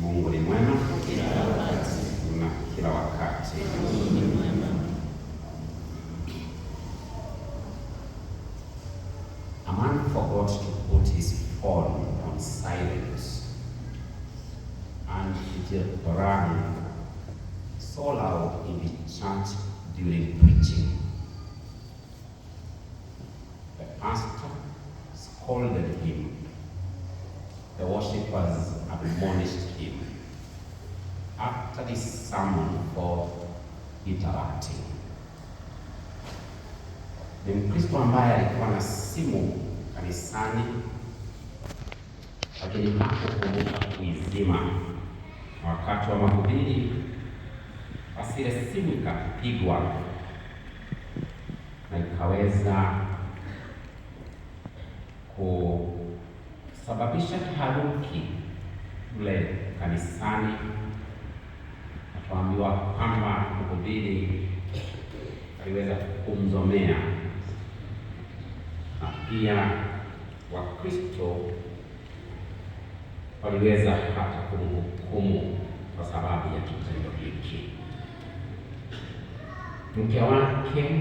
Mungu ni mwema na kila wakati. A man forgot to put his phone on silent and it rang so loud in the church during preaching. The pastor scolded him. The worshippers admonished him. After this sermon for interacting, ni Mkristo ambaye alikuwa na simu kanisani, lakini hakukumbuka kuizima wakati wa mahubiri. Basi ile simu ikapigwa na ikaweza kusababisha taharuki mle kanisani, na kwamba mhubiri aliweza kumzomea na pia Wakristo waliweza hata kumhukumu kwa sababu ya kitendo hiki. Mke wake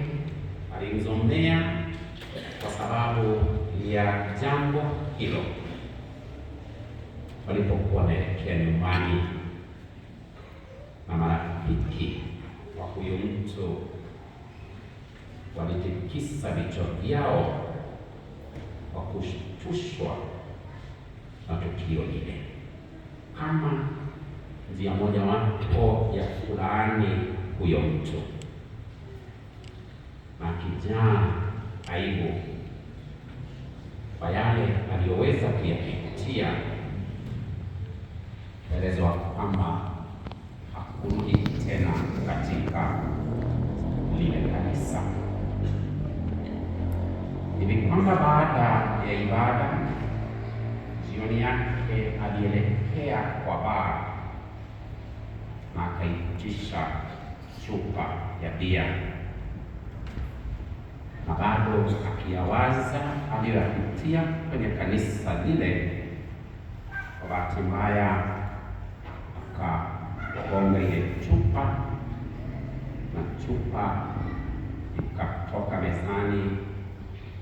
alimzomea kwa sababu ya jambo hilo walipokuwa wanaelekea nyumbani na marafiki wa huyu mtu walitikisa vichwa vyao kwa kushtushwa na tukio lile, kama njia wapo ya kulaani huyo mtu na kijaa aibu kwa yale aliyoweza kuyapitia. Elezwa kwamba hakurudi tena katika lile kanisa. Ili kwamba baada ya ibada jioni yake alielekea kwa baa na akaitisha chupa ya bia na bado akiyawaza aliyoyapitia kwenye kanisa lile, kwa bahati mbaya akagonga ile chupa na chupa ikatoka mezani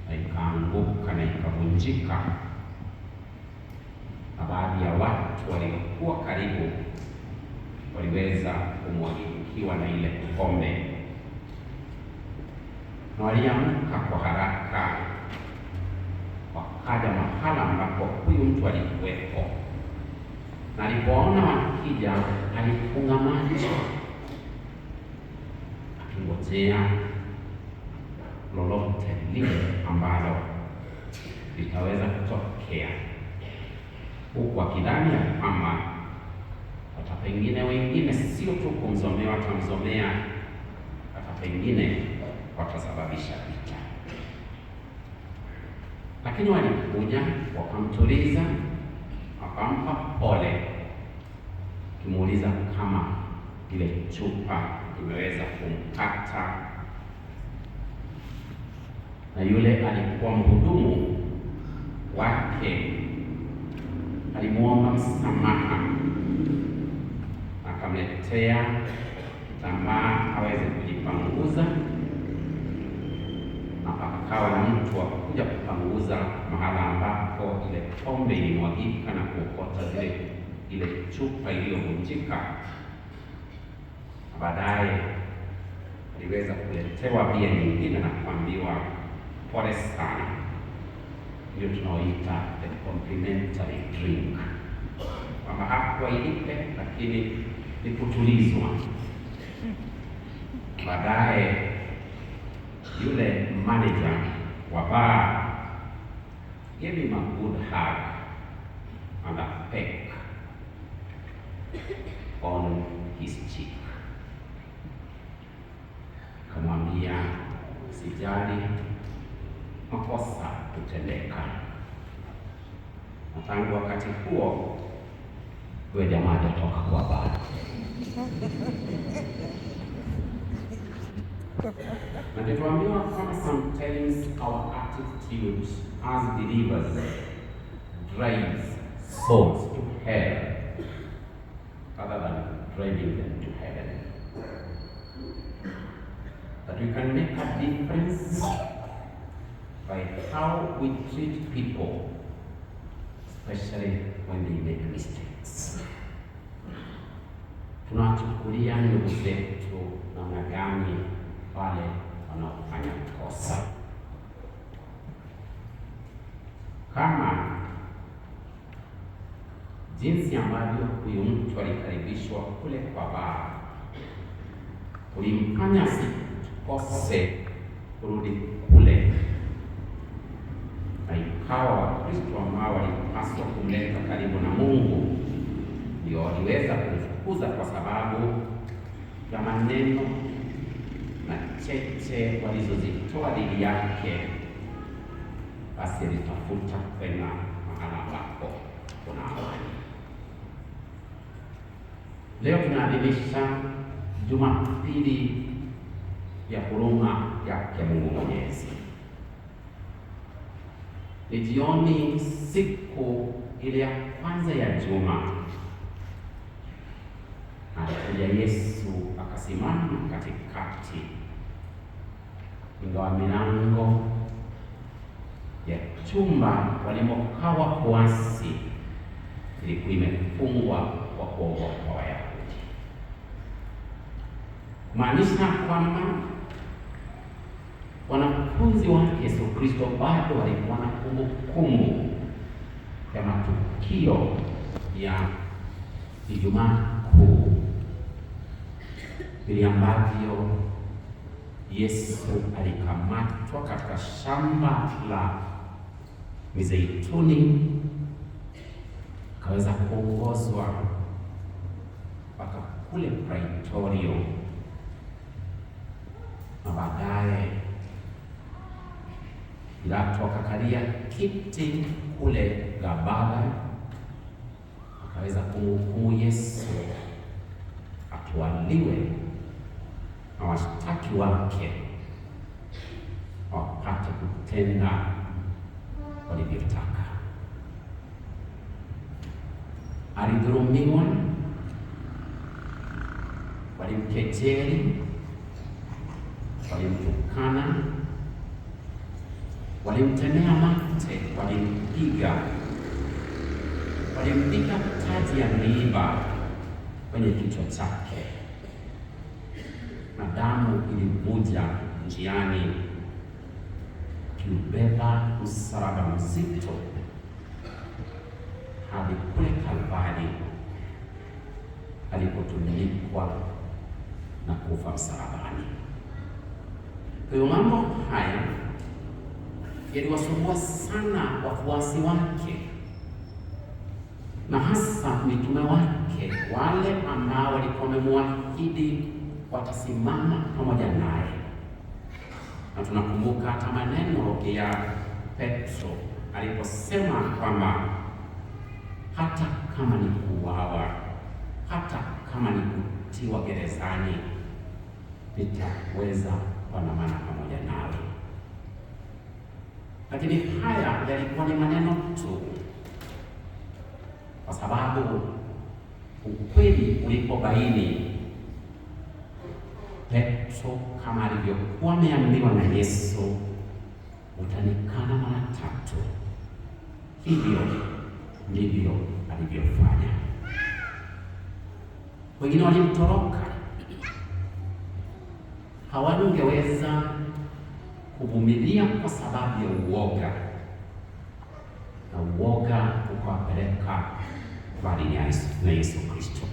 na ikaanguka na ikavunjika, na baadhi ya watu waliokuwa karibu waliweza kumwagikiwa na ile pombe na waliamka kwa haraka, wakaja mahala ambapo huyu mtu alikuwepo, na alipoona wakija alifunga macho akingojea lolote lile ambalo litaweza kutokea, huku akidhani ya kwamba hata pengine wengine sio tu kumzomea, watamzomea hata pengine wakasababisha vita, lakini walikuja wakamtuliza, wakampa pole, kimuuliza kama ile chupa imeweza kumkata, na yule alikuwa mhudumu wake alimwomba msamaha, akamletea kitambaa aweze kujipanguza akawa ni mtu wa kuja kupanguza mahala ambapo ile pombe ilimwagika na kuokota zile ile chupa iliyovunjika. Baadaye aliweza kuletewa bia nyingine na kuambiwa, pole sana, hiyo tunaoita the complimentary drink, kwamba ilipe lakini ni kutulizwa baadaye yule manager wa bar, give him a good hug and a peck on his cheek, kamwambia sijali, makosa kutendeka. Na tangu wakati huo huyo jamaa hajatoka kwa bar. Natuambiwa kwamba sometimes our attitude as believers drives souls to hell rather than driving them to heaven. But we can make a difference by how we treat people, especially when they make mistakes. Tunachukulia ndugu zetu namna gani wale wanaofanya kosa. Kama jinsi ambavyo huyu mtu alikaribishwa kule kwa baa kulimfanya sikose kurudi kule, na ikawa Wakristo ambao walipaswa kumleta karibu na Mungu ndio waliweza kumfukuza kwa sababu ya maneno na cheche walizozitoa dhidi yake, basi alitafuta kwenda mahala ambapo kuna amani. Leo tunaadhimisha Jumapili ya huruma yake Mungu Mwenyezi. Ni jioni, siku ile ya kwanza ya juma, anakuja Yesu Simama katikati, ingawa milango ya chumba walimokawa kuasi ilikuwa imefungwa kwa kuogopa kwa Wayahudi, kumaanisha kwamba wanafunzi wa Yesu Kristo bado walikuwa na kumbukumbu ya matukio ya Ijumaa Kuu vile ambavyo Yesu alikamatwa katika shamba la mizeituni akaweza kuongozwa mpaka kule Praitorio na baadaye Pilato akakalia kiti kule Gabala, akaweza kumhukumu Yesu atwaliwe na wake wapate kutenda walivyotaka. Alidhulumiwa, walimkejeli, walimtukana, walimtemea mate, walimpiga, walimpiga taji ya miiba kwenye kichwa chake na damu ilivuja njiani, kiubeba msalaba mzito hadi kule Kalvari alipotumikwa na kufa msalabani. Kwa hiyo mambo haya yaliwasumbua sana wafuasi wake na hasa mitume wake wale ambao walikuwa wamemwahidi watasimama pamoja naye. Na tunakumbuka hata maneno ya Petro aliposema kwamba hata kama ni kuuawa, hata kama ni kutiwa gerezani, nitaweza kuandamana pamoja nawe. Lakini haya yalikuwa ni maneno tu, kwa sababu ukweli baini Petro kama alivyokuwa ameambiwa na Yesu, utanikana mara tatu. Hivyo ndivyo alivyofanya. Wengine walimtoroka, hawangeweza kuvumilia kwa sababu ya uoga, na uoga ukawapeleka mbali na Yesu Kristo.